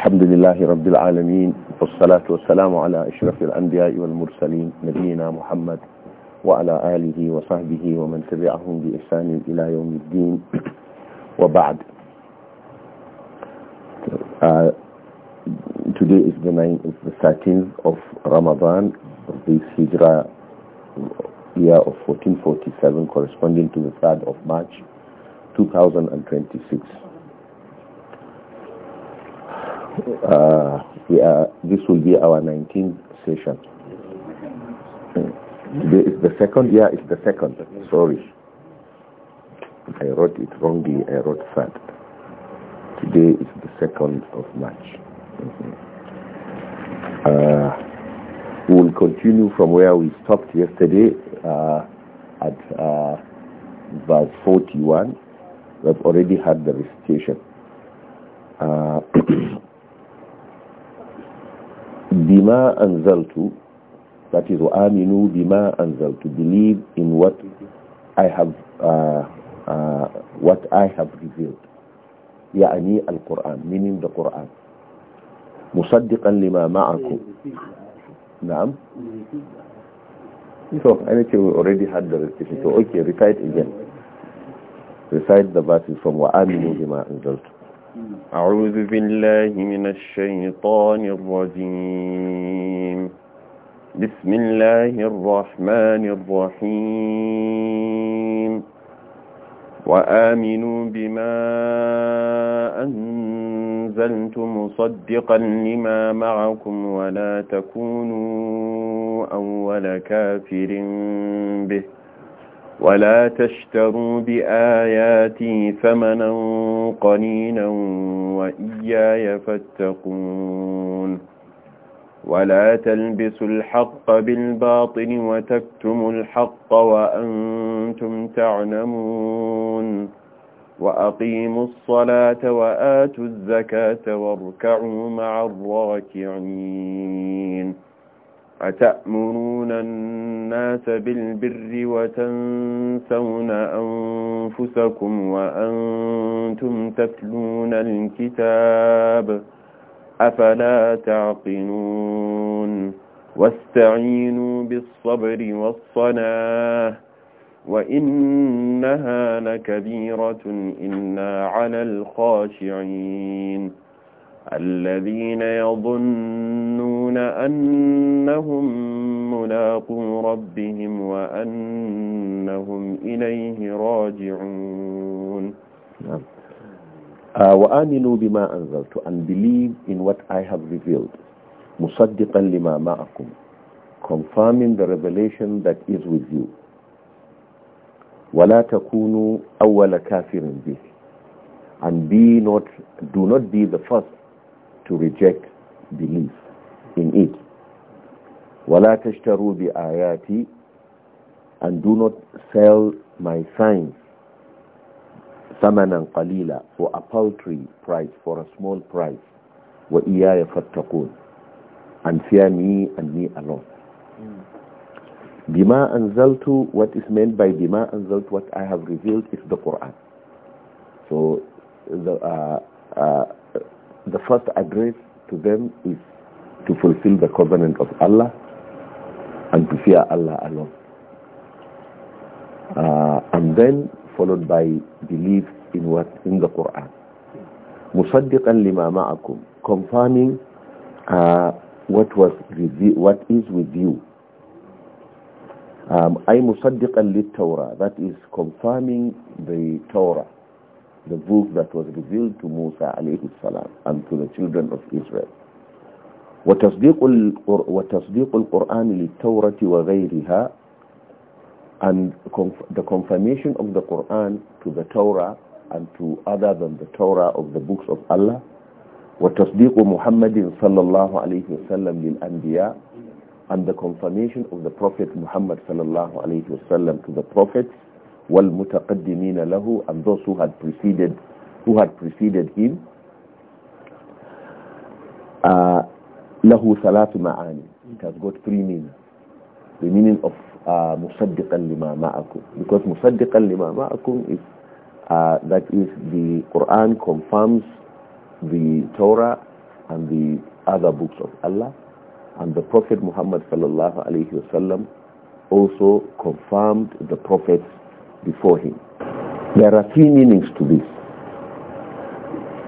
الحمد لله رب العالمين والصلاة والسلام على أشرف الأنبياء والمرسلين نبينا محمد وعلى آله وصحبه ومن تبعهم بإحسان إلى يوم الدين وبعد uh, Today is the, nine, is the 13th of Ramadan of this Sidra year of 1447 corresponding to the 3rd of March 2026 Uh, yeah, this will be our 19th session. Hmm. It's the second? Yeah, it's the second. Sorry. I wrote it wrongly. I wrote third. Today is the second of March. Mm -hmm. uh, we will continue from where we stopped yesterday uh, at uh, verse 41. We've already had the recitation. Uh, bima anzaltu that is aminu bima anzaltu believe in what I have uh, uh, what I have revealed يعني القرآن meaning the Quran مصدقا لما معكم نعم So, I think we already had the recitation. So, okay, recite again. Recite the verses from وَآمِنُوا بِمَا أَنزَلْتُمْ أعوذ بالله من الشيطان الرجيم بسم الله الرحمن الرحيم وآمنوا بما أنزلت مصدقا لما معكم ولا تكونوا أول كافر به ولا تشتروا بآياتي ثمنا قليلا وإياي فاتقون ولا تلبسوا الحق بالباطل وتكتموا الحق وأنتم تعلمون وأقيموا الصلاة وآتوا الزكاة واركعوا مع الراكعين أتأمرون الناس بالبر وتنسون أنفسكم وأنتم تتلون الكتاب أفلا تعقلون واستعينوا بالصبر والصلاة وإنها لكبيرة إلا على الخاشعين الذين يظنون أنهم ملاقوا ربهم وأنهم إليه راجعون uh, وآمنوا بما أنزلت and believe in what I have revealed مصدقا لما معكم confirming the revelation that is with you ولا تكونوا أول كافر به and be not do not be the first to reject belief in it. وَلَا تَشْتَرُوا بِآيَاتِ And do not sell my signs ثَمَنًا قَلِيلًا For a paltry price, for a small price. وَإِيَّايَ فَاتَّقُونَ And fear me and me alone. Mm. Bima anzaltu, what is meant by bima anzaltu, what I have revealed is the Quran. So the, uh, uh, the first address to them is to fulfill the covenant of Allah and to fear Allah alone. Uh, and then followed by belief in what in the Quran. Musaddiqan lima ma'akum, confirming uh, what was what is with you. I um, musaddiqan li Torah, that is confirming the Torah the book that was revealed to Musa alayhi salam and to the children of Israel. وتصديق وتصديق القرآن للتوراة وغيرها and the confirmation of the Quran to the Torah and to other than the Torah of the books of Allah وتصديق محمد صلى الله عليه وسلم للأنبياء and the confirmation of the Prophet Muhammad صلى الله عليه وسلم to the prophets وَالْمُتَقَدِّمِينَ لَهُ and those who had preceded who had preceded him uh, له ثلاث معاني it has got three meanings the meaning of uh, مصدقا لما معكم because مصدقا لما معكم is uh, that is the Quran confirms the Torah and the other books of Allah and the Prophet Muhammad sallallahu alayhi wasallam also confirmed the prophets before him. There are three meanings to this.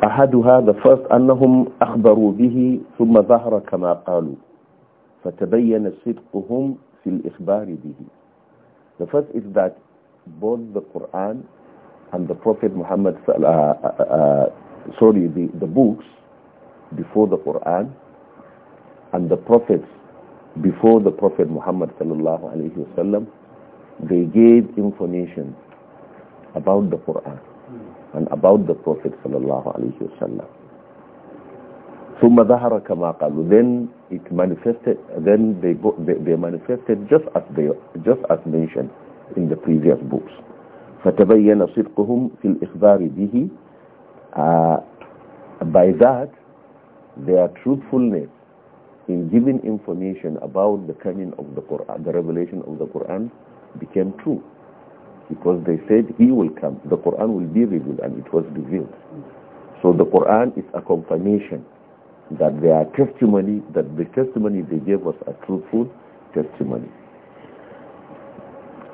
أحدها the first أنهم أخبروا به ثم ظهر كما قالوا فتبين صدقهم في الإخبار به The first is that both the Quran and the Prophet Muhammad uh, uh, uh, sorry the, the books before the Quran and the prophets before the Prophet Muhammad sallallahu alayhi wasallam they gave information about the Quran and about the Prophet sallallahu alaihi wasallam. ثم ظهر كما قالوا then it manifested then they, they manifested just as they just as mentioned in the previous books فتبين صدقهم في الإخبار به by that their truthfulness in giving information about the coming of the Quran the revelation of the Quran became true because they said he will come the Quran will be revealed and it was revealed so the Quran is a confirmation that their testimony that the testimony they gave was a truthful testimony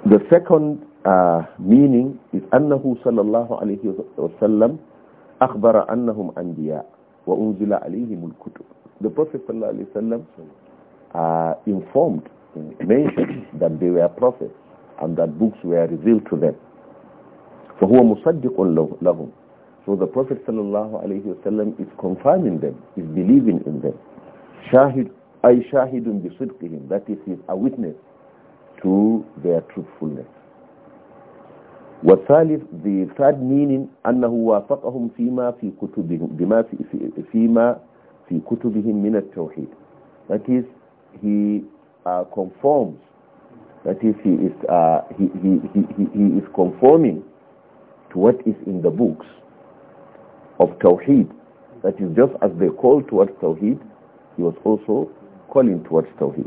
the second uh, meaning is أنه صلى الله عليه وسلم أخبر أنهم أنبياء وأنزل عليهم الكتب the Prophet صلى الله عليه وسلم uh, informed mentioned that they were prophets and that books were revealed to them. فَهُوَ مُصَدِّقٌ لَهُمْ So the Prophet ﷺ is confirming them, is believing in them. شَاهِدٌ أي شاهد بصدقهم that is a witness to their truthfulness والثالث the third meaning أنه وافقهم فيما في كتبهم بما في فيما في كتبهم من التوحيد that is he uh, conforms that is, he is, uh, he, he, he, he is conforming to what is in the books of Tawheed. That is, just as they call towards Tawheed, he was also calling towards Tawheed.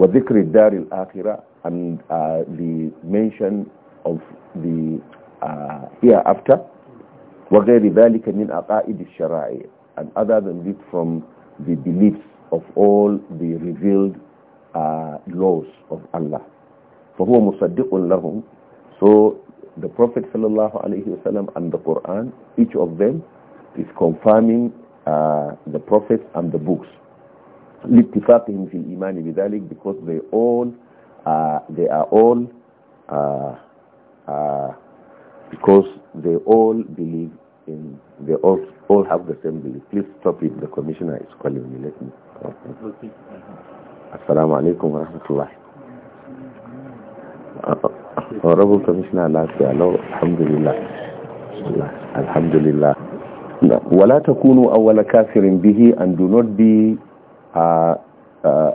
وَذِكْرِ الدَّارِ الْآخِرَةِ And uh, the mention of the uh, hereafter. وَغَيْرِ ذَلِكَ مِنْ أَقَائِدِ الشَّرَائِعِ And other than this from the beliefs of all the revealed uh, laws of Allah. فهو مصدق لهم so the Prophet sallallahu alaihi wasallam and the Quran each of them is confirming uh, the prophets and the books لاتفاقهم في الإيمان بذلك because they all uh, they are all uh, uh, because they all believe in they all all have the same belief please stop it the commissioner is calling me let me okay. assalamu alaikum wa honorable commissioner lafiya lau alhamdulillah alhamdulillah wala takunu awwala kafirin bihi and do not be uh, uh,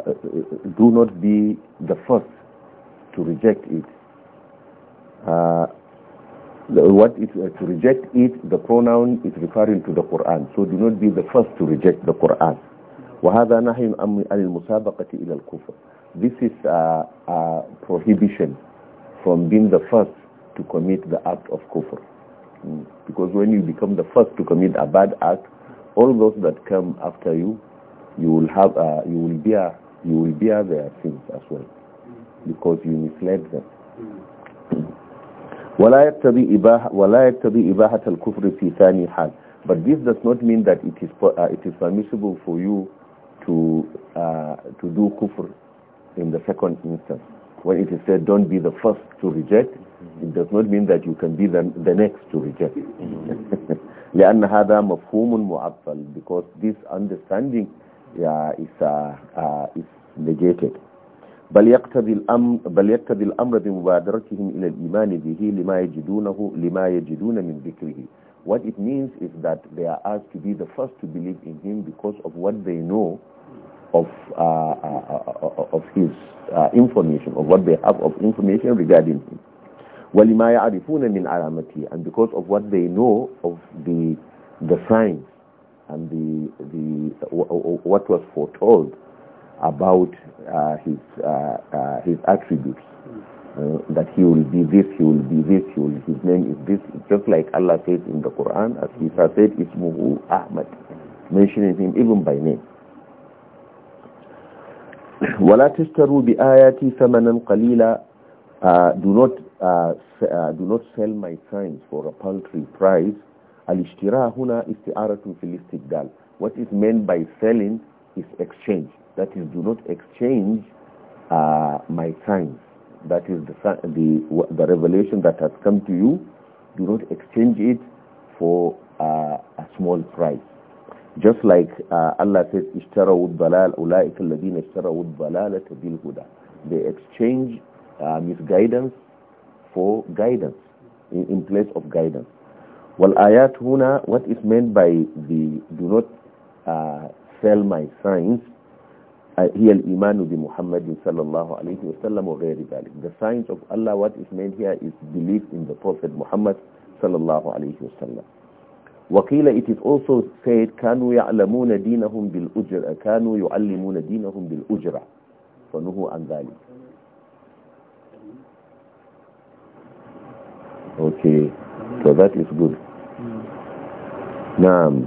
do not be the first to reject it uh, the, what it uh, to reject it the pronoun is referring to the Quran so do not be the first to reject the Quran وهذا نهي عن المسابقة ilal الكفر this is a, uh, a uh, prohibition from being the first to commit the act of kufr. Mm. Because when you become the first to commit a bad act, all those that come after you, you will have, uh, you will bear, you will bear their sins as well, because you misled them. ولا يقتضي إباحة الكفر في ثاني حال. But this does not mean that it is uh, it is permissible for you to uh, to do kufr in the second instance when it is said don't be the first to reject it does not mean that you can be the, the next to reject لأن هذا مفهوم معطل because this understanding yeah, is, uh, uh, is negated بل يقتضي الأمر بل يقتضي الأمر بمبادرتهم إلى الإيمان به لما يجدونه لما يجدون من ذكره what it means is that they are asked to be the first to believe in him because of what they know of, uh, uh, uh, of his uh, information, of what they have of information regarding him. وَلِمَا يَعْرِفُونَ مِنْ عَلَامَتِهِ And because of what they know of the, the signs and the, the, what was foretold about his, his attributes. Uh, that he will be this, he will be this, he will, his name is this. just like Allah says in the Quran, as has said, Ismuhu Ahmad, mentioning him even by name. وَلَا تَشْتَرُوا bi ayati thamanan qalila do not uh, uh, do not sell my signs for a paltry price al-ishtira huna isti'aratun fil what is meant by selling is exchange that is do not exchange uh, my signs that is the, the the revelation that has come to you do not exchange it for uh, a small price just like uh, Allah says ishtaraw dalal ulaika alladhina ishtaraw dalalata bil huda they exchange uh, misguidance for guidance in, in place of guidance wal ayat huna what is meant by the do not uh, sell my signs هي الإيمان بمحمد صلى الله عليه وسلم وغير ذلك the signs of Allah what is meant here is belief in the Prophet Muhammad صلى الله عليه وسلم وقيل it is also said كانوا يعلمون دينهم بالأجرة كانوا يعلمون دينهم بالأجرة فنهوا عن ذلك okay so that is good نعم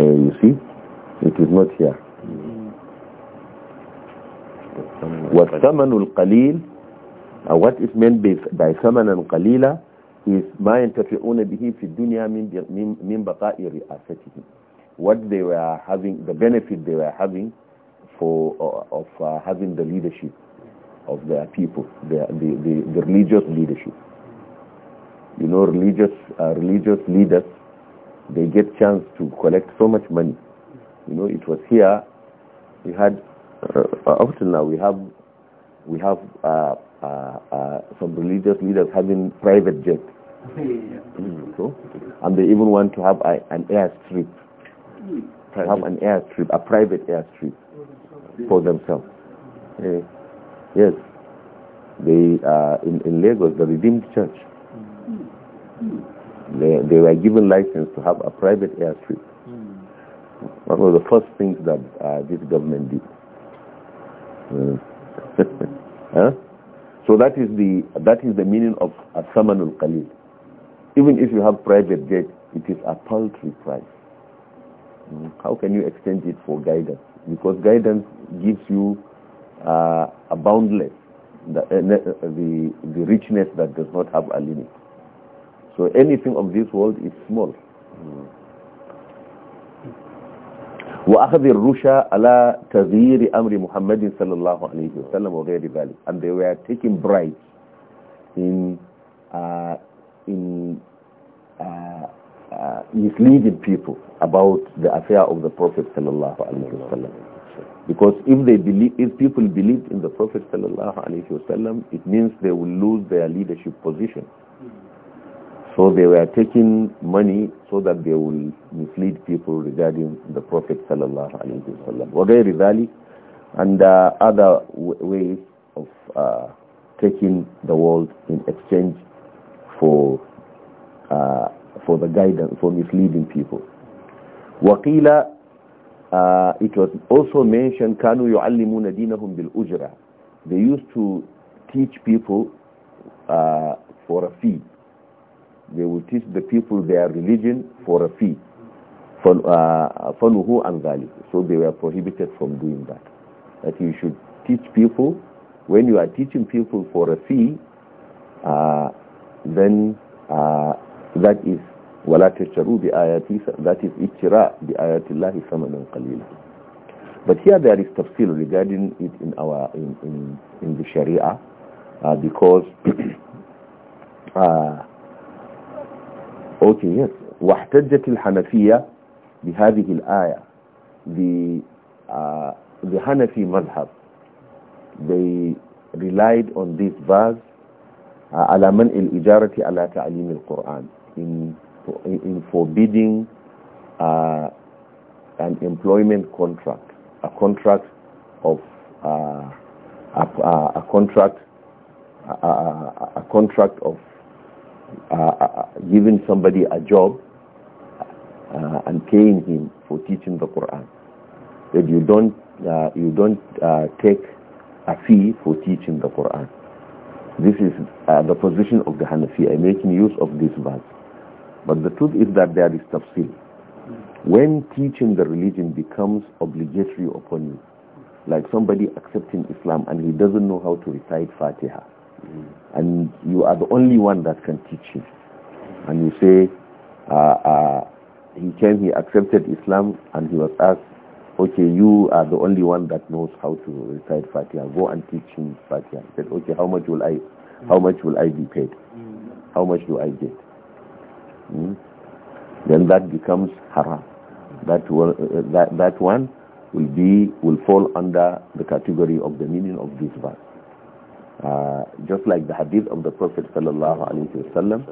uh, you see it is not here والثمن القليل uh, what is meant by, by ثمنا قليلا is ma yantafi'una bihi fi dunya min baqa'i ri'asatihi what they were having the benefit they were having for uh, of uh, having the leadership of their people the the, the, the religious leadership you know religious uh, religious leaders they get chance to collect so much money you know it was here we had uh, now we have we have uh, uh, uh, some religious leaders having private jets Mm, so, and they even want to have a, an airstrip, private. have an airstrip, a private airstrip for themselves. Uh, yes, they uh, in in Lagos, the Redeemed Church. Mm. They, they were given license to have a private airstrip. One mm. of the first things that uh, this government did. huh? So that is the that is the meaning of Samanul qalil. Even if you have private jet, it is a paltry price. Mm, how can you exchange it for guidance? Because guidance gives you uh, a boundless, the, uh, uh, the, the richness that does not have a limit. So anything of this world is small. Mm. وأخذ الرشا على تغيير أمر محمد صلى الله عليه وسلم وغير ذلك and they were taking bribes in uh, in uh, uh, misleading people about the affair of the Prophet sallallahu alaihi wasallam. Because if they believe, if people believe in the Prophet sallallahu alaihi wasallam, it means they will lose their leadership position. So they were taking money so that they will mislead people regarding the Prophet sallallahu alaihi wasallam. وغير and uh, other ways of uh, taking the world in exchange for uh, for the guidance for misleading people. Waqila uh, it was also mentioned kanu yu'allimuna dinahum bil ujra. They used to teach people uh, for a fee. They would teach the people their religion for a fee. Uh, fanuhu and Ghali. So they were prohibited from doing that. That you should teach people, when you are teaching people for a fee, uh, then uh, that is ولا تشتروا ayat that is اشتراء بآيات الله ثمنا قليلا but here there is tafsir regarding it in our in in, in the sharia uh, because uh, okay yes واحتجت الحنفية بهذه الآية the uh, the Hanafi madhab they relied on this verse uh, ala al-ijarati ala ta'lim al-Quran in in forbidding uh, an employment contract a contract of uh, a, a, contract a, a contract of uh, giving somebody a job uh, and paying him for teaching the Quran that you don't uh, you don't take a fee for teaching the Quran this is uh, the position of the Hanafi. I'm uh, making use of this verse. But the truth is that there is tafsir. When teaching the religion becomes obligatory upon you, like somebody accepting Islam and he doesn't know how to recite Fatiha, and you are the only one that can teach him, and you say, uh, uh, he came, he accepted Islam, and he was asked, okay, you are the only one that knows how to recite Fatiha. Go and teach him Fatiha. He said, okay, how much will I, how much will I be paid? How much do I get? Hmm? Then that becomes haram. That, will, uh, that, that one will be, will fall under the category of the meaning of this verse. Uh, just like the hadith of the Prophet sallallahu alaihi wasallam,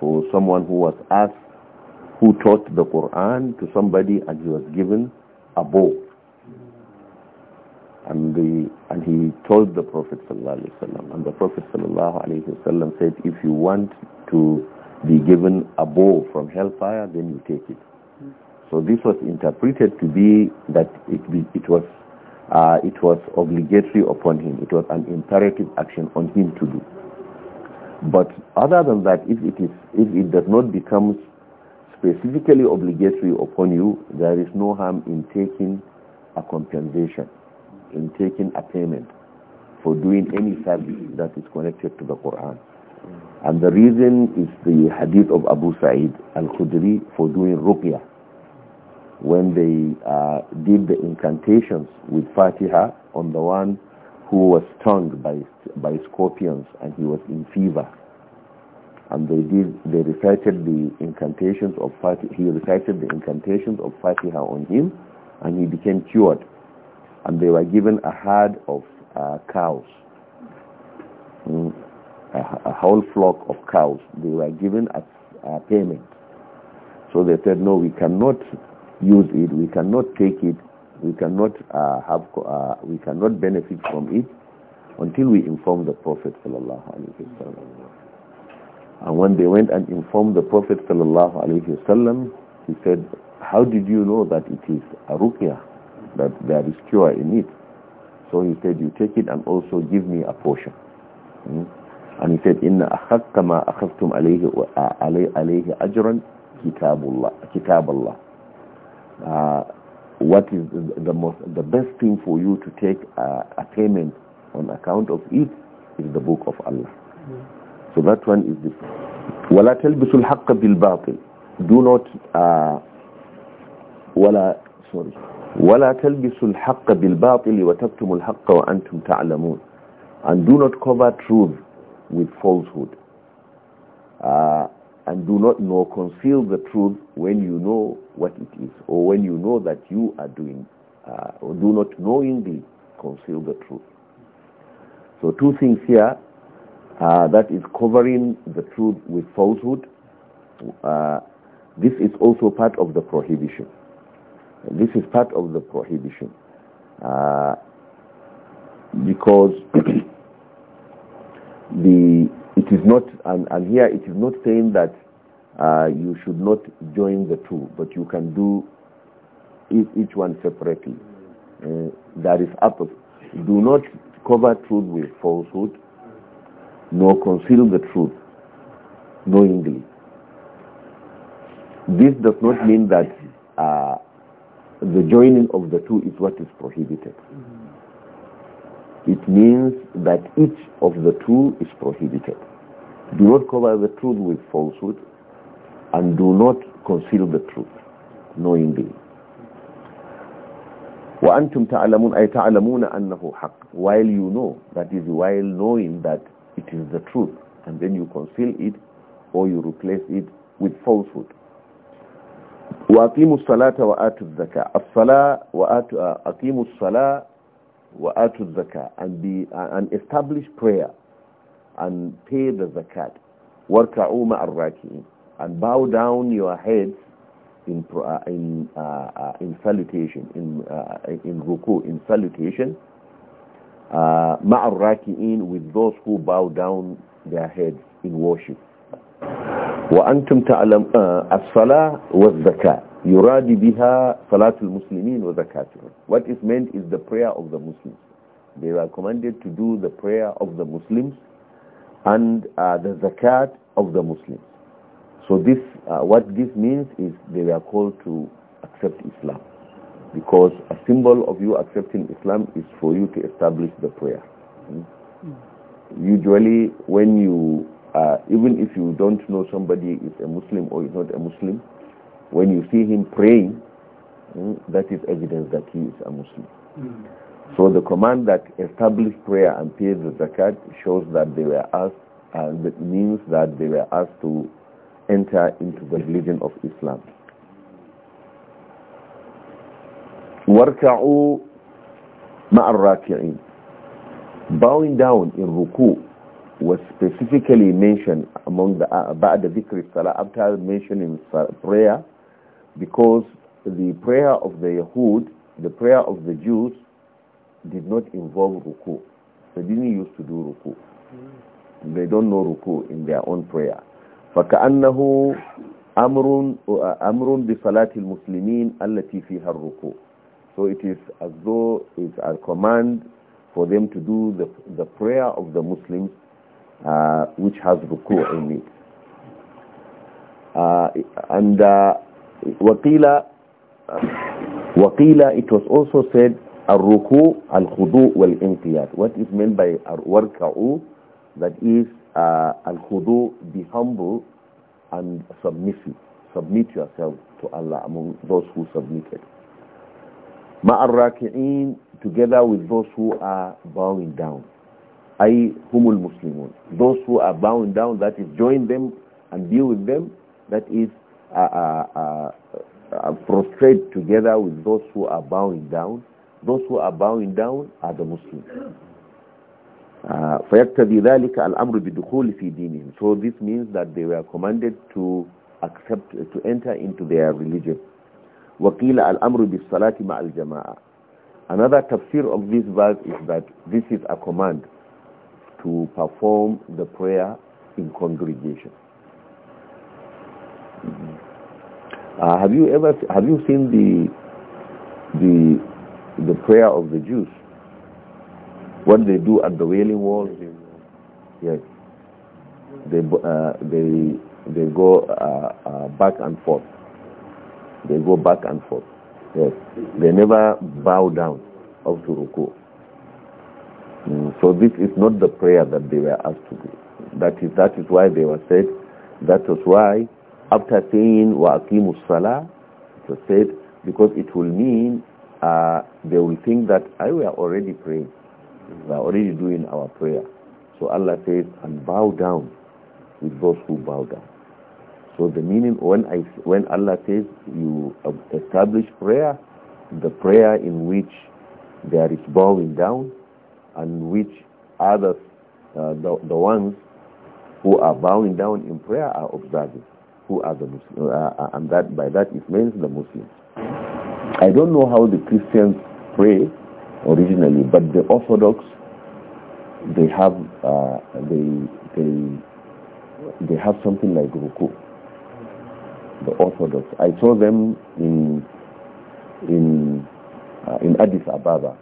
for someone who was asked who taught the Quran to somebody and he was given above. And, the, and he told the Prophet ﷺ, and the Prophet ﷺ said, if you want to be given a bow from hellfire, then you take it. So this was interpreted to be that it, be, it was uh, it was obligatory upon him. It was an imperative action on him to do. But other than that, if it is if it does not become specifically obligatory upon you, there is no harm in taking a compensation, in taking a payment for doing any service that is connected to the Quran. And the reason is the hadith of Abu Sa'id al-Khudri for doing ruqyah. When they uh, did the incantations with Fatiha on the one who was stung by, by scorpions and he was in fever and they did they recited the incantations of Fatiha he recited the incantations of Fatiha on him and he became cured and they were given a herd of uh, cows mm, a, a, whole flock of cows they were given as payment so they said no we cannot use it we cannot take it we cannot uh, have uh, we cannot benefit from it until we inform the prophet sallallahu alaihi wasallam and when they went and informed the Prophet sallallahu he said, "How did you know that it is a ruqya, that there is cure in it?" So he said, "You take it and also give me a portion." Hmm? And he said, "Inna akhadta ma akhadtum alayhi alayhi ajran kitabullah kitaballah." Uh, what is the most the best thing for you to take a, a payment on account of it is the book of Allah. Hmm. So that one is this. وَلَا تَلْبِسُوا الْحَقَّ بِالْبَاطِلِ Do not, uh, وَلَا, sorry. وَلَا تَلْبِسُوا الْحَقَّ بِالْبَاطِلِ وَتَكْتُمُوا الْحَقَّ وَأَنْتُمْ تَعْلَمُونَ And do not cover truth with falsehood. Uh, and do not know, conceal the truth when you know what it is, or when you know that you are doing, uh, or do not knowingly conceal the truth. So two things here, uh, that is covering the truth with falsehood. Uh, this is also part of the prohibition. This is part of the prohibition. Uh, because the it is not, and, and, here it is not saying that uh, you should not join the two, but you can do each one separately. Uh, that is up. Do not cover truth with falsehood nor conceal the truth knowingly. This does not mean that uh, the joining of the two is what is prohibited. It means that each of the two is prohibited. Do not cover the truth with falsehood and do not conceal the truth knowingly. وأنتم تعلمون أي تعلمون أنه حق while you know that is while knowing that it is the truth and then you conceal it or you replace it with falsehood وَأَقِيمُوا As salah wa الصَّلَاةَ وَآتُوا salah wa atu الزَّكَاةَ uh, and be uh, and establish prayer and pay the zakat وَارْكَعُوا مَعَ الرَّاكِعِينَ and bow down your heads in uh, in uh, uh, in salutation in in ruku in salutation uh, ma'arraki'in with those who bow down their heads in worship وأنتم تعلم الصلاة والزكاة يراد بها صلاة المسلمين وزكاتهم what is meant is the prayer of the Muslims they were commanded to do the prayer of the Muslims and uh, the zakat of the Muslims so this uh, what this means is they were called to accept Islam because a symbol of you accepting Islam is for you to establish the prayer. Mm. Usually when you, uh, even if you don't know somebody is a Muslim or is not a Muslim, when you see him praying, mm, that is evidence that he is a Muslim. Hmm. So the command that establish prayer and pay the zakat shows that they were asked, and means that they were asked to enter into the religion of Islam. warka'u ma'ar bowing down in ruku was specifically mentioned among the ba'da dhikr salah after mentioning prayer because the prayer of the Yahud the prayer of the Jews did not involve ruku they didn't used to do ruku they don't know ruku in their own prayer فكأنه أمر أمر بصلاة المسلمين التي فيها الركوع so it is as though it's a command for them to do the, the prayer of the Muslims, uh, which has ruku' in it. Uh, and uh, waqila, uh, waqila, it was also said, al-ruku, al-khudu, wal-inqiyat. What is meant by warka'u, that is, uh, al-khudu, be humble and submissive. Submit yourself to Allah among those who submitted ma'arraki'in together with those who are bowing down ay humul muslimun those who are bowing down that is join them and deal with them that is uh, uh, uh, uh, prostrate together with those who are bowing down those who are bowing down are the muslims uh, فيقتضي ذلك الأمر بالدخول في دينهم so this means that they were commanded to accept to enter into their religion وَقِيلَ الْأَمْرُ بِالصَّلَاةِ مَعَ الْجَمَاعَةِ Another tafsir of this verse is that this is a command to perform the prayer in congregation. Mm-hmm. uh, have you ever have you seen the the the prayer of the Jews? What they do at the Wailing wall? Yes, they uh, they they go uh, uh back and forth. They go back and forth. Yes. They never bow down up to ruku. Mm. So this is not the prayer that they were asked to do. That is, that is why they were said, that was why after saying وَأَقِيمُ الصَّلَاةِ it was said because it will mean uh, they will think that I were already praying. We are already doing our prayer. So Allah says, and bow down with those who bow down. So the meaning when I when Allah says you establish prayer, the prayer in which there is bowing down, and which others uh, the the ones who are bowing down in prayer are observing, who are the Muslims, uh, uh, and that by that it means the Muslims. I don't know how the Christians pray originally, but the Orthodox they have uh, they they they have something like ruku the Orthodox. I saw them in in uh, in Addis Ababa.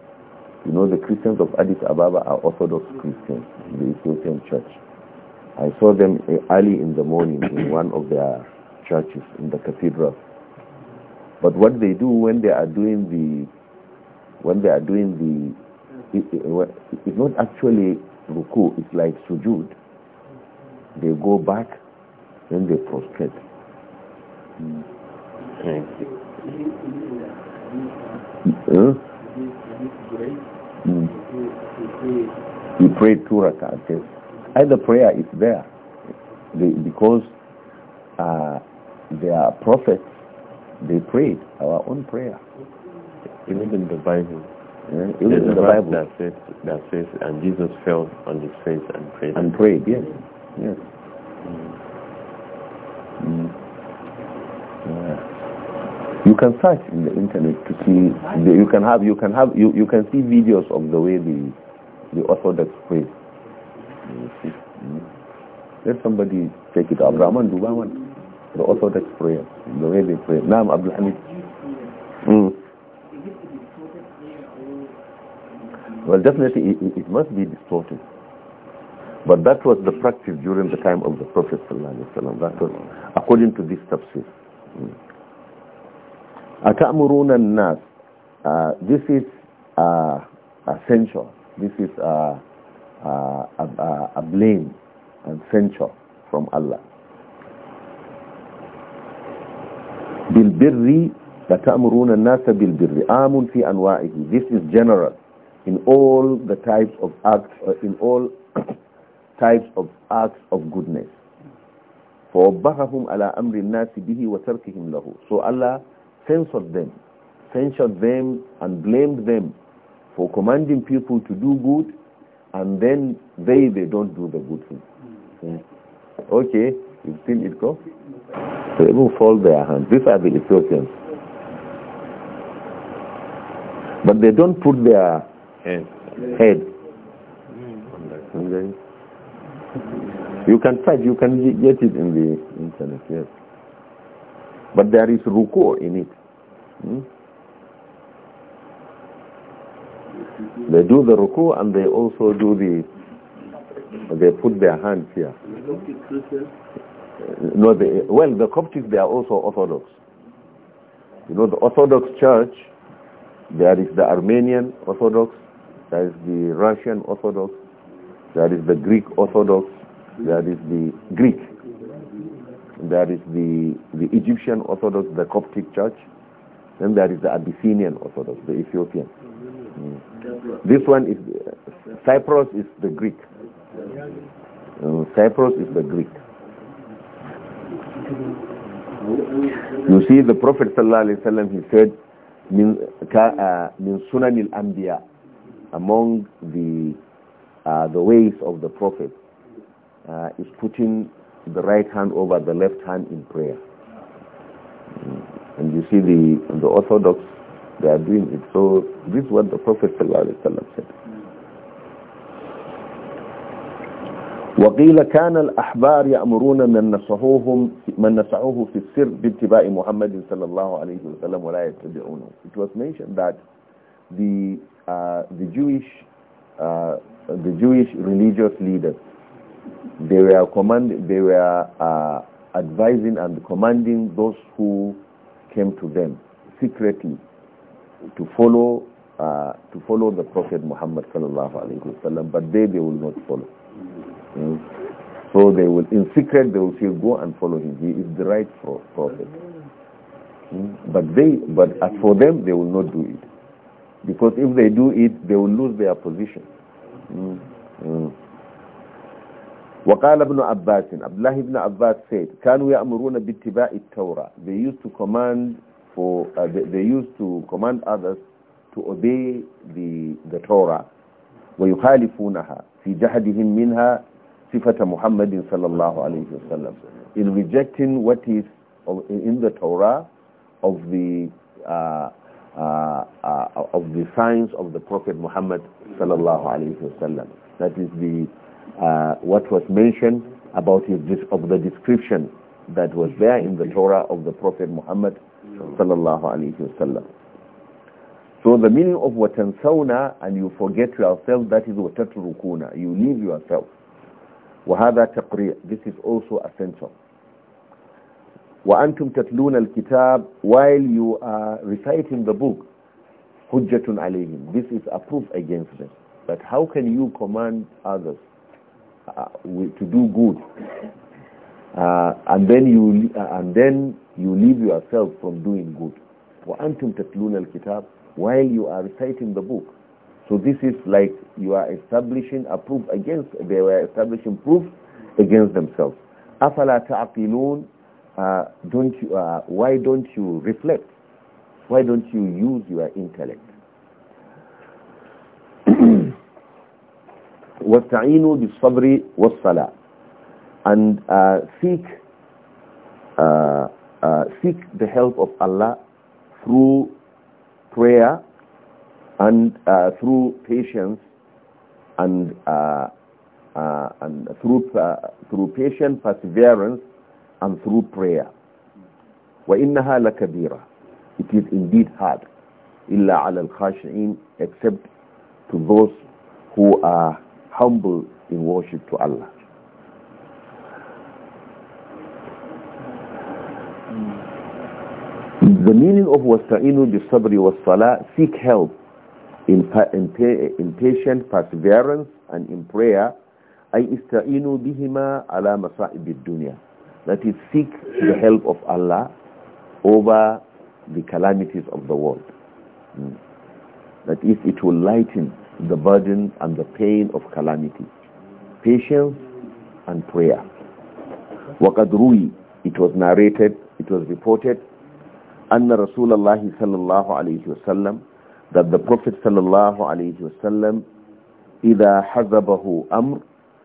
You know, the Christians of Addis Ababa are Orthodox Christians, the Ethiopian Church. I saw them uh, early in the morning in one of their churches in the cathedral. But what they do when they are doing the when they are doing the it, it, it's not actually ruku, it's like sujud. They go back, then they prostrate. Hmm? You pray two rak'ahs. Either prayer is there because uh, are prophets, they prayed our own prayer. Even in the Bible. Yeah, even in the, the Bible. That says, that says, and Jesus fell on his face and prayed. And prayed, yes. Yes. You can search in the internet to see. The, you can have you can have you, you can see videos of the way the the Orthodox pray. Let somebody take it. Abrahman Dubaman, the Orthodox prayer, the way they pray. Naam Abdul Hamid. Mm. Well, definitely it, it must be distorted. But that was the practice during the time of the Prophet That was according to this tafsir. Mm. Atamuruna uh, nas. This is uh, a This is a, uh, uh, a, a, a blame and censure from Allah. بِالْبِرِّ لتأمرون الناس بالبر عام في أنواعه this is general in all the types of acts in all types of acts of goodness فوبخهم على أمر الناس به وتركهم له so Allah censored them, censured them and blamed them for commanding people to do good and then they, they don't do the good thing. Okay, you still it go? So they will fold their hands. These are the Ethiopians. But they don't put their head. head. You can search, you can get it in the internet, yes. But there is ruku in it. Hmm? They do the ruku and they also do the, they put their hands here. No, they, well, the Coptics, they are also Orthodox. You know, the Orthodox Church, there is the Armenian Orthodox, there is the Russian Orthodox, there is the Greek Orthodox, there is the Greek there is the, the Egyptian Orthodox, the Coptic Church. Then there is the Abyssinian Orthodox, the Ethiopian. Mm. This one is, uh, Cyprus is the Greek. Uh, Cyprus is the Greek. You see, the Prophet ﷺ, he said, min, uh, sunan al-anbiya, among the, uh, the ways of the Prophet, uh, is putting the right hand over the left hand in prayer. Mm. And you see the, the Orthodox, they are doing it. So this is what the Prophet ﷺ said. وقيل كان الأحبار يأمرون من نصحوهم من نصحوه في السر باتباع محمد صلى الله عليه وسلم ولا يتبعونه. It was mentioned that the uh, the Jewish uh, the Jewish religious leaders they were command they were uh, advising and commanding those who came to them secretly to follow uh, to follow the prophet muhammad sallallahu alaihi wasallam but they they will not follow mm. so they will in secret they will say go and follow him he is the right prophet mm. but they but as for them they will not do it because if they do it they will lose their position mm. وقال ابن Abdullah ibn Abbas said, كانوا يأمرون باتباع التوراة. They used to command for, uh, they, they, used to command others to obey the, the Torah. ويخالفونها في جحدهم منها صفة محمد صلى الله عليه وسلم. In rejecting what is in the Torah of the uh, uh, uh of the signs of the Prophet Muhammad الله عليه وسلم, That is the uh, what was mentioned about his, of the description that was there in the Torah of the Prophet Muhammad sallallahu alayhi wasallam. So the meaning of watansauna and you forget yourself, that is watatrukuna, you leave yourself. وهذا تقرير this is also a censor وأنتم تتلون الكتاب while you are reciting the book حجة عليهم this is a proof against them But how can you command others uh, to do good uh, and then you uh, and then you leave yourself from doing good وأنتم تتلون الكتاب while you are reciting the book so this is like you are establishing a proof against they were establishing proof against themselves أفلا تعقلون uh, don't you, uh, why don't you reflect why don't you use your intellect وَاسْتَعِينُوا بِالصَّبْرِ وَالصَّلَاةِ And uh, seek, uh, uh, seek the help of Allah through prayer and uh, through patience and, uh, uh, and through, through patient perseverance and through prayer. وَإِنَّهَا لَكَبِيرَةٌ It is indeed hard. إِلَّا عَلَى الْخَاشِعِينَ Except to those who are humble in worship to Allah. The meaning of wasta'inu sabri was-salah, seek help in, in, in perseverance, and in prayer. أي استعينوا بهما على مصائب الدنيا. That is, seek the help of Allah over the calamities of the world. Hmm. That is, it will lighten the burden and the pain of calamity. Patience and prayer. Wakadrui. It was narrated, it was reported, Anna رَسُولَ اللَّهِ صَلَى اللَّهُ عَلَيْهِ وَسَلَّمَ That the Prophet صلى الله عليه وسلم إذا حذبه أمر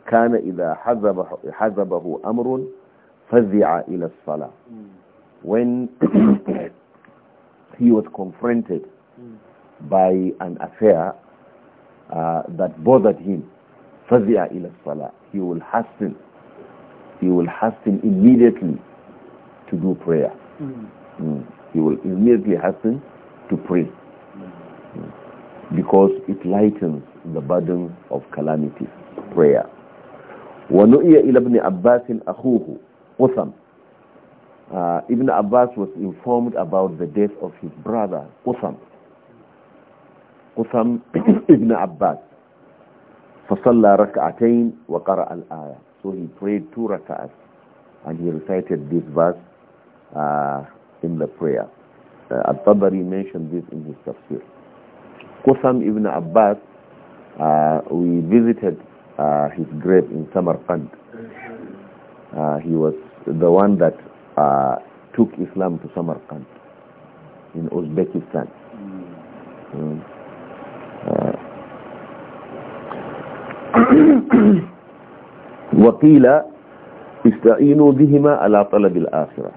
كان إذا حذبه, حذبه أمر فزع إلى الصلاة When he was confronted by an affair uh, that bothered him Fazia إِلَى He will hasten. He will hasten immediately to do prayer. Mm. Mm. He will immediately hasten to pray. Mm. Because it lightens the burden of calamity, prayer. وَنُؤِيَ إِلَى ابْنِ عَبَّاسٍ أَخُوهُ وَثَمْ uh, Ibn Abbas was informed about the death of his brother, Qutham. قثم ابن عباس فصلى ركعتين وقرأ الآية so he prayed two rak'ahs and he recited this verse uh, in the prayer uh, Al-Tabari mentioned this in his tafsir Qusam ibn Abbas uh, we visited uh, his grave in Samarkand uh, he was the one that uh, took Islam to Samarkand in Uzbekistan mm. وقيل استعينوا بهما على طلب الآخرة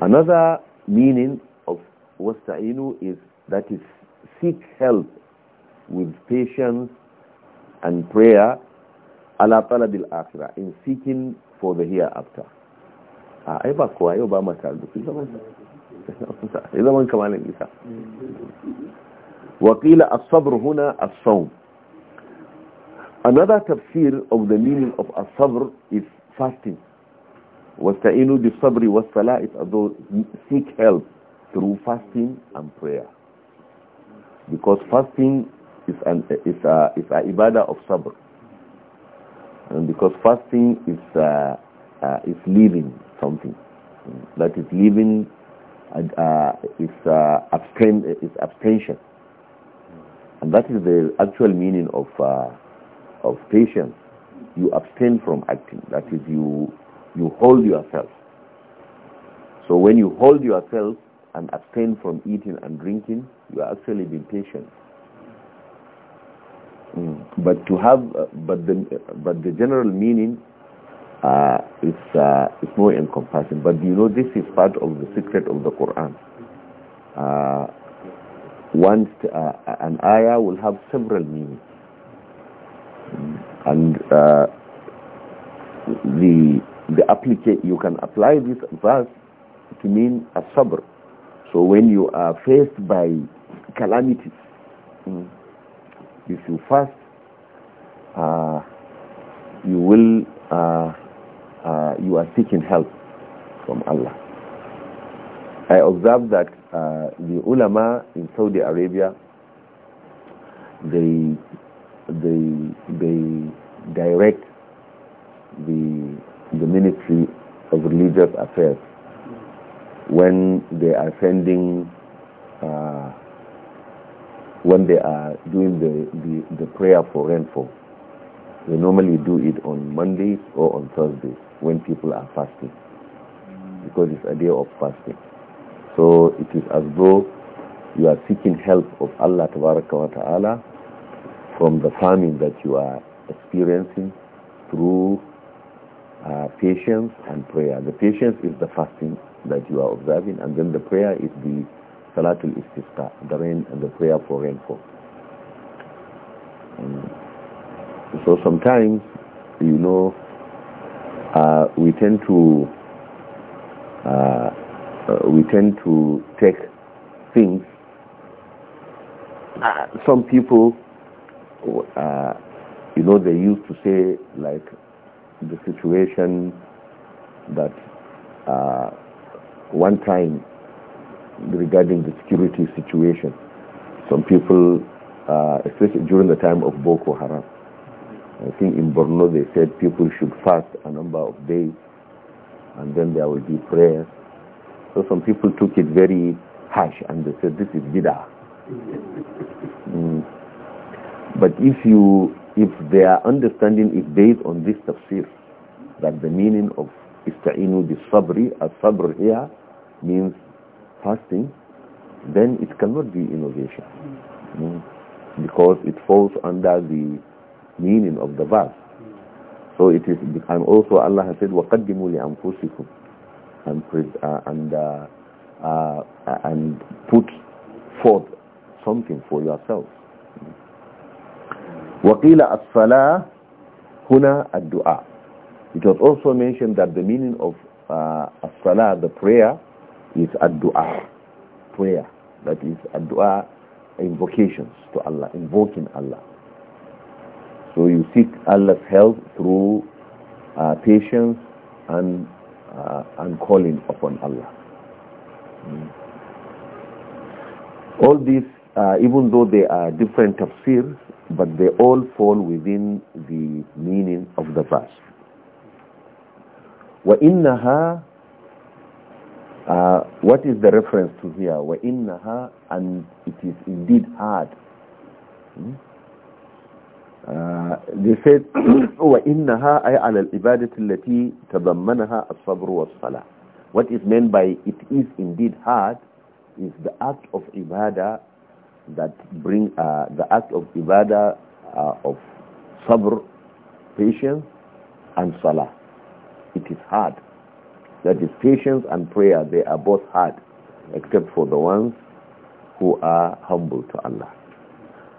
another meaning of wasta'inu is that is seek help with patience and prayer ala talab al in seeking for the hereafter a ai ba kowa yau ba matar da zaman kamalan isa وقيل الصبر هنا الصوم Another tafsir of the meaning of as-sabr is fasting. وَاسْتَعِنُوا بِالصَّبْرِ وَالصَّلَاةِ Although seek help through fasting and prayer. Because fasting is an is a, is a ibadah of sabr. And because fasting is uh, uh, is leaving something. That is leaving uh, uh, is, uh, abstain, is abstention. And that is the actual meaning of, uh, of patience. You abstain from acting. That is, you, you hold yourself. So when you hold yourself and abstain from eating and drinking, you are actually being patient. Mm. But to have, uh, but the but the general meaning uh, is uh, is more encompassing. But you know, this is part of the secret of the Quran. Uh, once uh, an ayah will have several meanings. And uh, the the applica you can apply this verse to mean a sabr. So when you are faced by calamities, mm. if you fast, uh, you will uh, uh, you are seeking help from Allah. I observe that uh, the ulama in Saudi Arabia, they they they direct the the Ministry of Religious Affairs when they are sending uh, when they are doing the, the, the prayer for rainfall. They normally do it on Mondays or on Thursdays when people are fasting because it's a day of fasting. So it is as though you are seeking help of Allah Ta'ala from the famine that you are experiencing through uh, patience and prayer. The patience is the fasting that you are observing and then the prayer is the Salatul Istisqa, the rain and the prayer for rainfall. so sometimes, you know, uh, we tend to uh, uh, we tend to take things. Uh, some people, uh, you know, they used to say like the situation that uh, one time regarding the security situation, some people, uh, especially during the time of Boko Haram, I think in Borno they said people should fast a number of days and then there will be prayers so some people took it very harsh and they said, this is bid'ah. Mm. But if you, if their understanding is based on this tafsir, that the meaning of ista'inu bi sabri, as sabr here means fasting, then it cannot be innovation. Mm. Because it falls under the meaning of the verse. So it is, and also Allah has said, وَقَدِّمُوا لِأَنفُسِكُمْ and uh, and uh, uh, and put forth something for yourself. وقيل huna هنا dua It was also mentioned that the meaning of uh, as-salah, the prayer, is ad-du'a, prayer. That is ad-du'a, invocations to Allah, invoking Allah. So you seek Allah's help through uh, patience and uh, and calling upon Allah. Mm. All these, uh, even though they are different tafsirs, but they all fall within the meaning of the verse. وَإِنَّهَا uh, What is the reference to here? وَإِنَّهَا And it is indeed hard. Mm? Uh, they said وإنها أي على العبادة التي تضمنها الصبر والصلاة what is meant by it is indeed hard is the act of ibadah that bring uh, the act of ibadah uh, of sabr patience and salah it is hard that is patience and prayer they are both hard except for the ones who are humble to Allah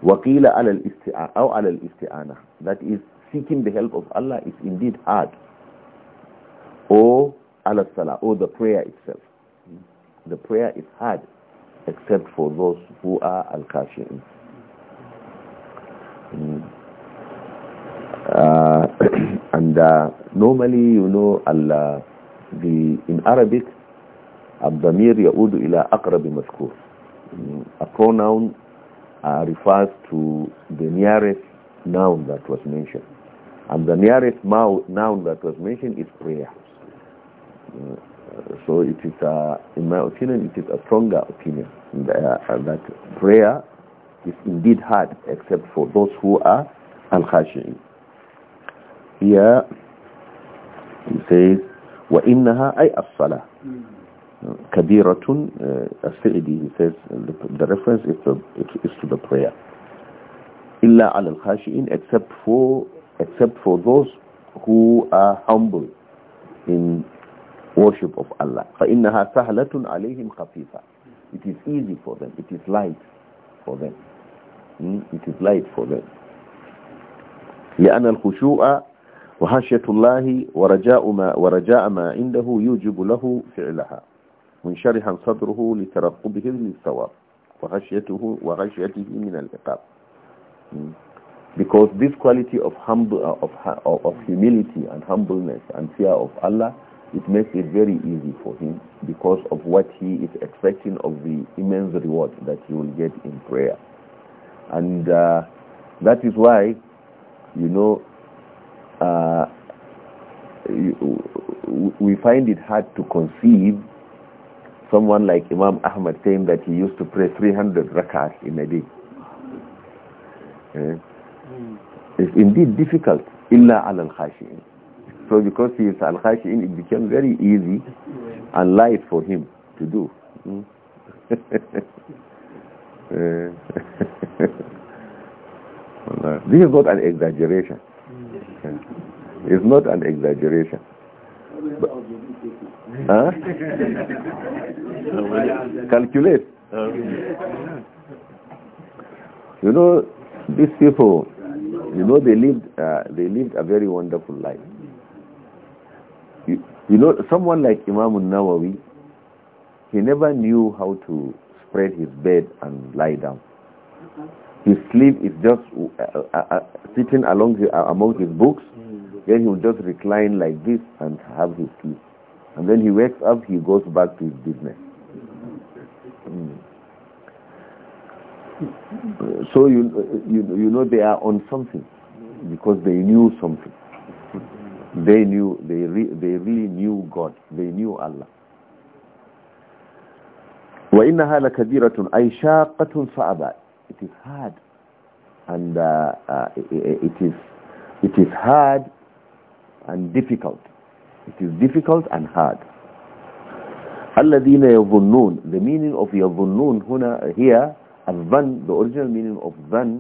وَقِيلَ عَلَى الْإِسْتِعَانَةِ أو al الاستعانة او al is seeking the help of Allah is indeed hard or على الصلاة or the prayer itself the prayer is hard except for those who are al kashim. mm. uh, and uh, normally you know Allah uh, the in Arabic الضمير yaudu ila أقرب مذكور mm. a pronoun uh, refers to the nearest noun that was mentioned. And the nearest noun that was mentioned is prayer. Mm, uh, so it is, a, in my opinion, it is a stronger opinion that, uh, uh, that prayer is indeed hard except for those who are al-khashi'in. Here he says, وَإِنَّهَا أَيْ الصَّلَاةِ كبيرة السعدي he says the reference is to, is to the prayer إلا على الخاشئين except for except for those who are humble in worship of Allah فإنها سهلة عليهم خفيفة it is easy for them it is light for them it is light for them لأن الخشوع وخشية الله ورجاء ما, ورجاء ما عنده يوجب له فعلها منشرحا صدره لترقبه وغشيته وغشيته من العقاب hmm. because this quality of humble of of humility and humbleness and fear of Allah it makes it very easy for him because of what he is expecting of the immense reward that he will get in prayer and uh, that is why you know uh, we find it hard to conceive someone like Imam Ahmad saying that he used to pray 300 rakat in a day. Eh? It's indeed difficult. Illa al khashi'in. So because he is al khashi'in, it became very easy and light for him to do. Hmm? Eh? this is not an exaggeration. Hmm. It's not an exaggeration. But, huh? Calculate. You know, these people, you know, they lived, uh, they lived a very wonderful life. You, you know, someone like Imam Nawawi, he never knew how to spread his bed and lie down. His sleep is just uh, uh, uh sitting along the, uh, among his books. Then he will just recline like this and have his sleep. And then he wakes up, he goes back to his business. Mm. So you, you, you know they are on something because they knew something. They knew, they, re, they really knew God. They knew Allah. وإنها لكبيرة أي شاقة صعبة it is hard and uh, uh, it is it is hard and difficult it is difficult and hard الذين يظنون the meaning of يظنون هنا here الظن the original meaning of ظن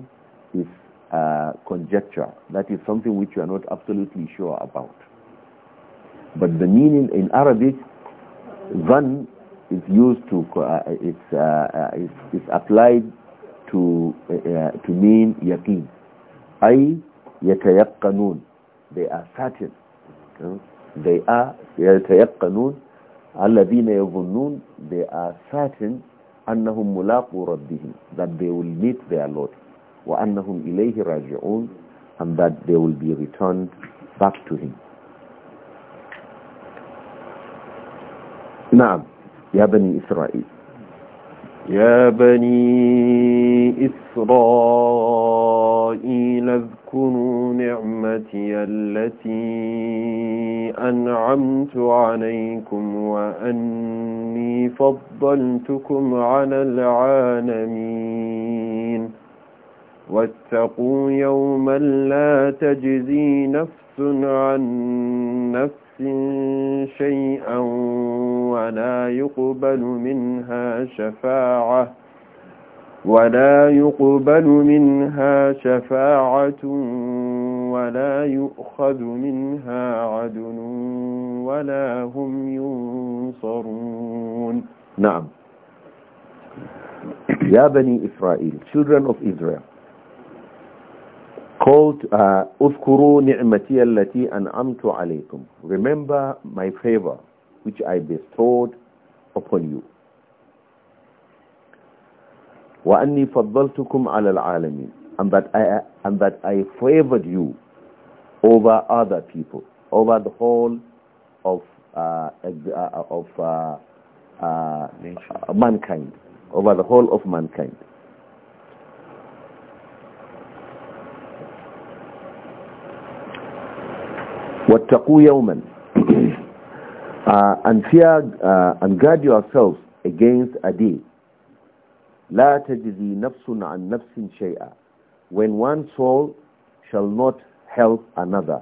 is uh, conjecture that is something which you are not absolutely sure about but the meaning in Arabic ظن is used to uh, it's, uh, uh it's, it's applied to uh, to mean يَقِينَ. أي يتيقنون they are certain they are يتيقنون الذين يظنون they are certain أنهم that they will meet their Lord and that they will be returned back to him نعم yā bāni إسرائيل يا بني إسرائيل اذكروا نعمتي التي أنعمت عليكم وأني فضلتكم على العالمين واتقوا يوما لا تجزي نفس عن نفس نفس شيئا ولا يقبل منها شفاعة ولا يقبل منها شفاعة ولا يؤخذ منها عدل ولا هم ينصرون نعم يا بني إسرائيل children of Israel called Uzkuru uh, ni'mati allati an'amtu alaykum. Remember my favor which I bestowed upon you. وَأَنِّي فَضَّلْتُكُمْ عَلَى الْعَالَمِينَ And that I and that I favored you over other people, over the whole of uh, uh of uh, uh, mankind, over the whole of mankind. وَاتَّقُوا uh, and fear uh, and guard yourselves against a day لا تجزي نفس عن نفس شيئا when one soul shall not help another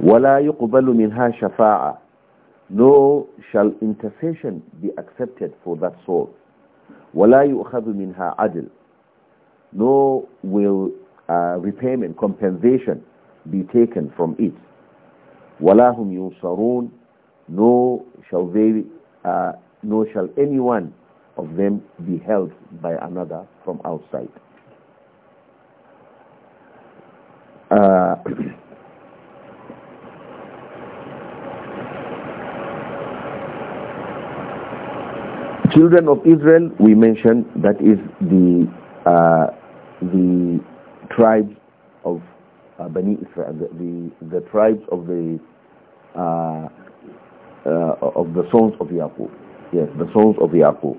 ولا يقبل منها شفاعة No shall intercession be accepted for that soul ولا يؤخذ منها عدل No will uh, repayment compensation be taken from it. وَلَهُمْ yusaroon. No shall they, uh, nor shall any one of them be helped by another from outside. Uh, children of Israel, we mentioned that is the uh, the tribes of uh, Bani Israel, the, the, the tribes of the uh, uh, of the sons of Yaqub. Yes, the sons of Yaqub.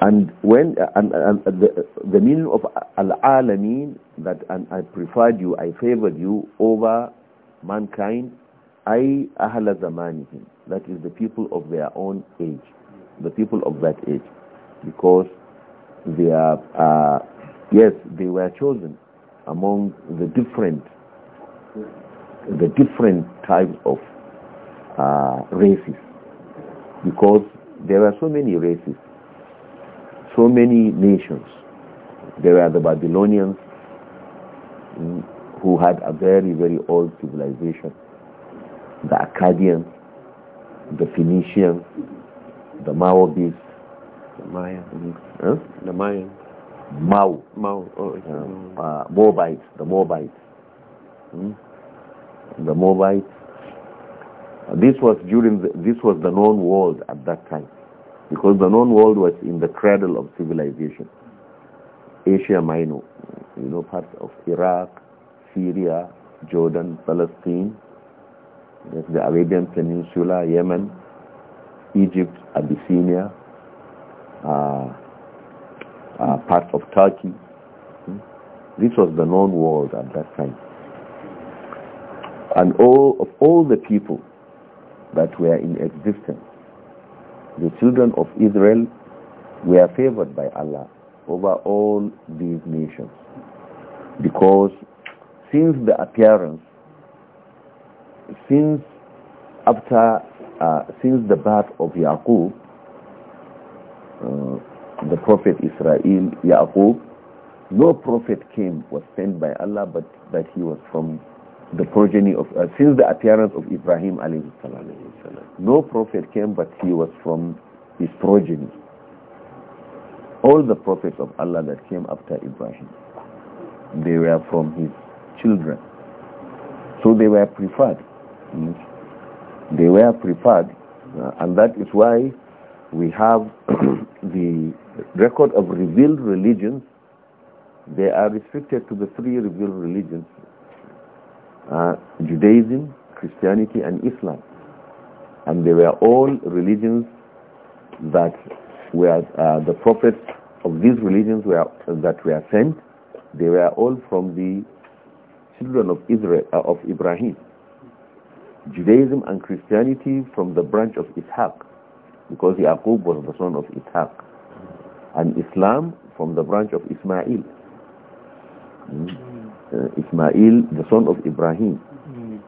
And when uh, and, and the, the meaning of al-alamin that and I preferred you, I favored you over mankind, I ahla zamanihim. That is the people of their own age, the people of that age, because they are uh, Yes, they were chosen among the different the different types of uh, races because there were so many races, so many nations. There were the Babylonians mm, who had a very, very old civilization, the Akkadians, the Phoenicians, the Maoris, the Mayans. Huh? The Mayans Mao. Mao. Oh, okay. uh, hmm. Moabites, the Moabites. Hmm? The Moabites. This was during the, this was the known world at that time, because the known world was in the cradle of civilization. Asia Minor, you know, parts of Iraq, Syria, Jordan, Palestine, the Arabian Peninsula, Yemen, Egypt, Abyssinia. Uh, uh, of Turkey. Hmm? This was the known world at that time. And all of all the people that were in existence, the children of Israel were favored by Allah over all these nations. Because since the appearance, since after, uh, since the birth of Yaqub, uh, the prophet Israel, Yaqub, no prophet came, was sent by Allah, but that he was from the progeny of, uh, since the appearance of Ibrahim alayhi salam. No prophet came, but he was from his progeny. All the prophets of Allah that came after Ibrahim, they were from his children. So they were preferred. Hmm? They were preferred. Uh, and that is why we have the record of revealed religions, they are restricted to the three revealed religions, uh, Judaism, Christianity, and Islam. And they were all religions that were uh, the prophets of these religions were, uh, that were sent. They were all from the children of Israel, uh, of Ibrahim. Judaism and Christianity from the branch of Ishaq, because Yaqub was the son of Ishaq and Islam from the branch of Ismail. Mm. Uh, Ismail, the son of Ibrahim. Mm.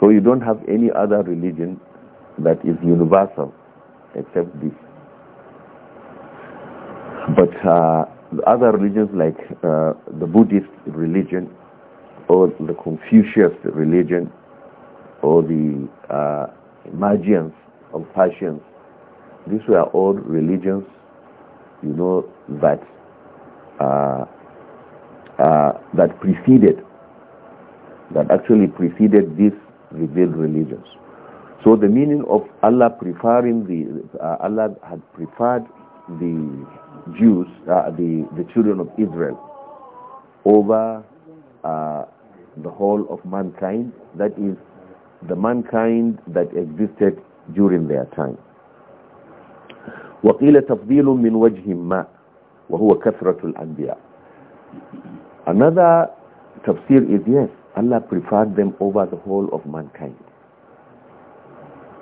So you don't have any other religion that is universal except this. But uh, other religions like uh, the Buddhist religion or the Confucius religion or the uh, Magians or Persians these were all religions, you know, that uh, uh, that preceded, that actually preceded these revealed religions. So the meaning of Allah preferring the uh, Allah had preferred the Jews, uh, the the children of Israel, over uh, the whole of mankind. That is the mankind that existed during their time. وقيل تفضيل من وجه ما وهو كثرة الأنبياء another tafsir is yes Allah preferred them over the whole of mankind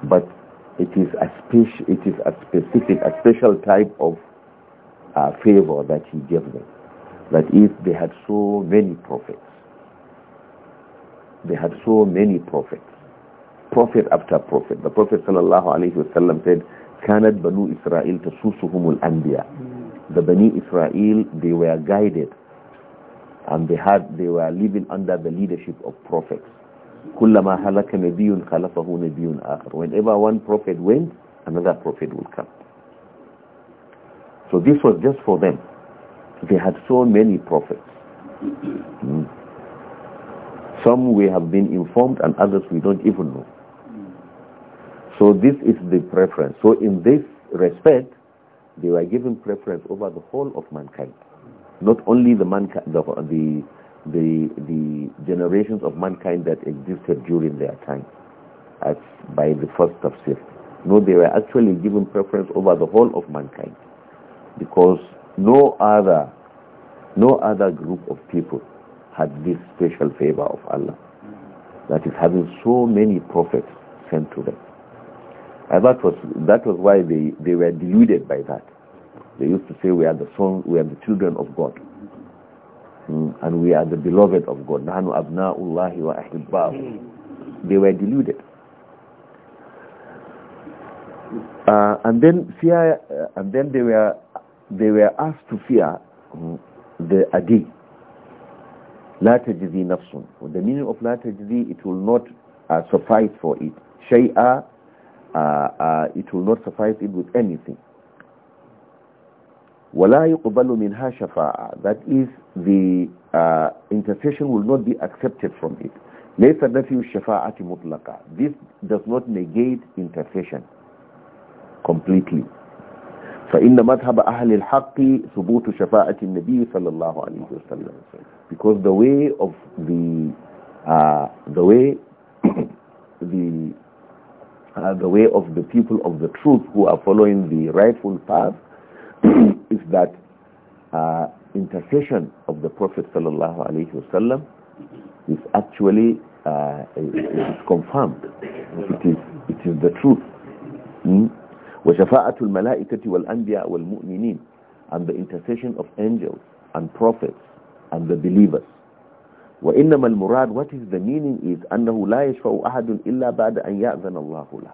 but it is a special it is a specific a special type of uh, favor that he gave them That if they had so many prophets they had so many prophets prophet after prophet the prophet sallallahu alaihi wasallam said كانت بنو إسرائيل تسوسهم الأنبياء the Bani Israel they were guided and they had they were living under the leadership of prophets كلما هلك نبي خلفه نبي آخر whenever one prophet went another prophet will come so this was just for them they had so many prophets hmm. some we have been informed and others we don't even know so this is the preference. So in this respect, they were given preference over the whole of mankind, not only the mankind, the, the the the generations of mankind that existed during their time, as by the first tafsir. No, they were actually given preference over the whole of mankind, because no other no other group of people had this special favor of Allah, that is having so many prophets sent to them. And that was, that was why they, they were deluded by that. They used to say we are the son, we are the children of God. Mm, and we are the beloved of God. wa They were deluded. Uh, and then fear, uh, and then they were, they were asked to fear um, the adi. La tajzi nafsun. The meaning of la tajzi, it will not uh, suffice for it. Shay'a uh, uh, it will not suffice it with anything. وَلَا يُقْبَلُ مِنْهَا شَفَاعَةً That is, the uh, intercession will not be accepted from it. لَيْسَ نَفِيُ الشَّفَاعَةِ مُطْلَقًا This does not negate intercession completely. فَإِنَّ مَذْهَبَ أَهْلِ الْحَقِّ ثُبُوتُ شَفَاعَةِ النَّبِيِّ صَلَى اللَّهُ عَلَيْهِ وَسَلَّمَ Because the way of the, uh, the way the uh, the way of the people of the truth who are following the rightful path is that uh, intercession of the Prophet sallallahu alaihi wasallam is actually uh, is confirmed. It is it is the truth. وشفاعة الملائكة والأنبياء والمؤمنين and the intercession of angels and prophets and the believers وإنما المراد what is the meaning is أنه لا يشفع أحد إلا بعد أن يأذن الله له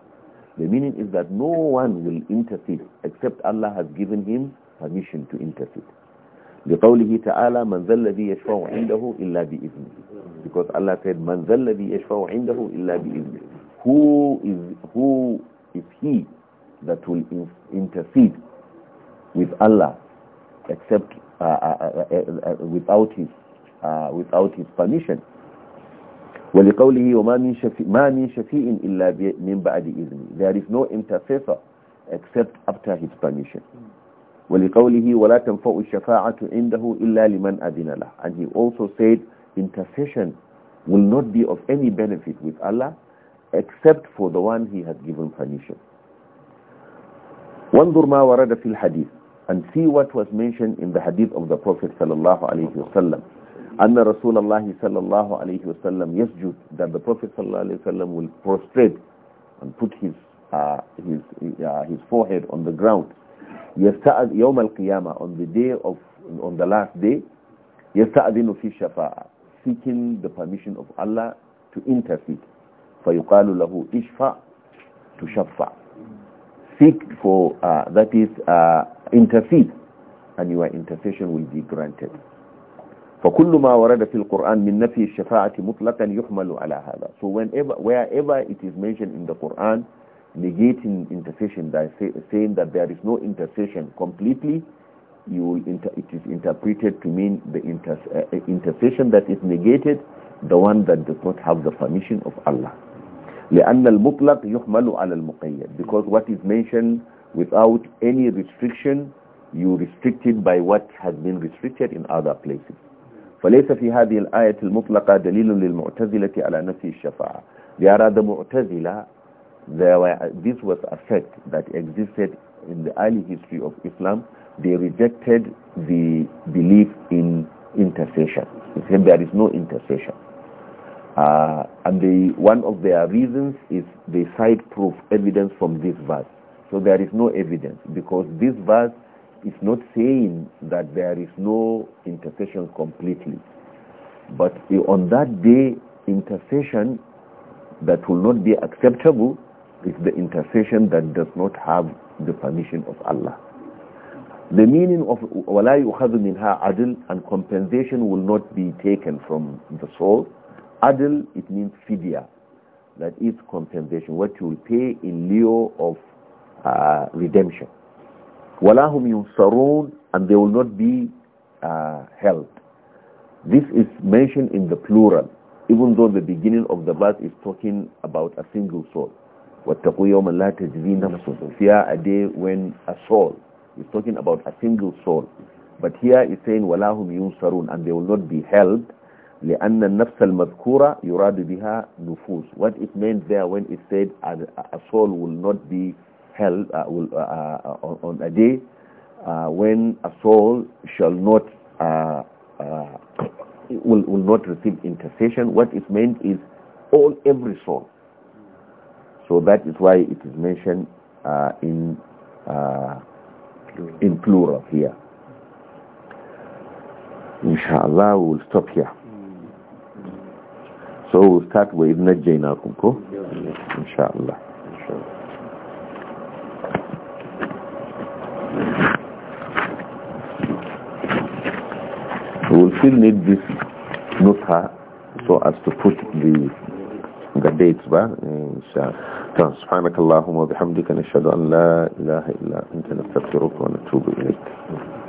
the meaning is that no one will intercede except Allah has given him permission to intercede لقوله تعالى من ذا الذي يشفع عنده إلا بإذنه because Allah said من ذا الذي يشفع عنده إلا بإذنه who is who is he that will intercede with Allah except uh, uh, uh, uh, uh without his uh, without his permission ولقوله وما من شفيع ما من شفيع إلا من بعد إذنه there is no intercessor except after his permission ولقوله ولا تنفع الشفاعة عنده إلا لمن أذن له and he also said intercession will not be of any benefit with Allah except for the one he has given permission وانظر ما ورد في الحديث and see what was mentioned in the hadith of the Prophet sallallahu alayhi عليه وسلم أن رسول الله صلى الله عليه وسلم يسجد that the Prophet صلى الله عليه وسلم will prostrate and put his uh, his uh, his forehead on the ground يستأذ يوم القيامة on the day of on the last day يستأذن في الشفاعة seeking the permission of Allah to intercede فيقال له اشفع تشفع seek for uh, that is uh, intercede and your intercession will be granted فكل ما ورد في القرآن من نفي الشفاعة مطلقا يحمل على هذا so whenever wherever it is mentioned in the Quran negating intercession say, saying that there is no intercession completely you will inter, it is interpreted to mean the inter, uh, intercession that is negated the one that does not have the permission of Allah لأن المطلق يحمل على المقيد because what is mentioned without any restriction you restricted by what has been restricted in other places فليس في هذه الآية المطلقة دليل للمعتزلة على نفي الشفاعة there are the mu'tazila there were, this was a sect that existed in the early history of Islam they rejected the belief in intercession they said there is no intercession uh, and they, one of their reasons is they cite proof evidence from this verse so there is no evidence because this verse it's not saying that there is no intercession completely. But on that day, intercession that will not be acceptable is the intercession that does not have the permission of Allah. The meaning of وَلَا يُخَذُ مِنْهَا عَدْلٌ and compensation will not be taken from the soul. Adl, it means fidya. That is compensation, what you will pay in lieu of uh, redemption. وَلَهُمْ يُنصَرُونَ And they will not be uh, This is mentioned in the plural, even though the beginning of the verse is talking about a single soul. وَاتَّقُوا يَوْمًا لَا تَجْزِي نَفْسٌ Fear a day when a soul is talking about a single soul. But here it's saying yun saroon And they will not be held. لأن النفس المذكورة يراد بها نفوس. What it meant there when it said a soul will not be held uh, will, uh, uh, on, on, a day uh, when a soul shall not will, will not receive intercession. What is meant is all every soul. So that is why it is mentioned in plural. in plural here. Inshallah, we will stop here. So we'll start with Najjainakum, ko? Inshallah. still need this nutha so as to put the the dates ba inshallah subhanakallahumma bihamdika nashhadu an la ilaha illa anta nastaghfiruka wa natubu ilayk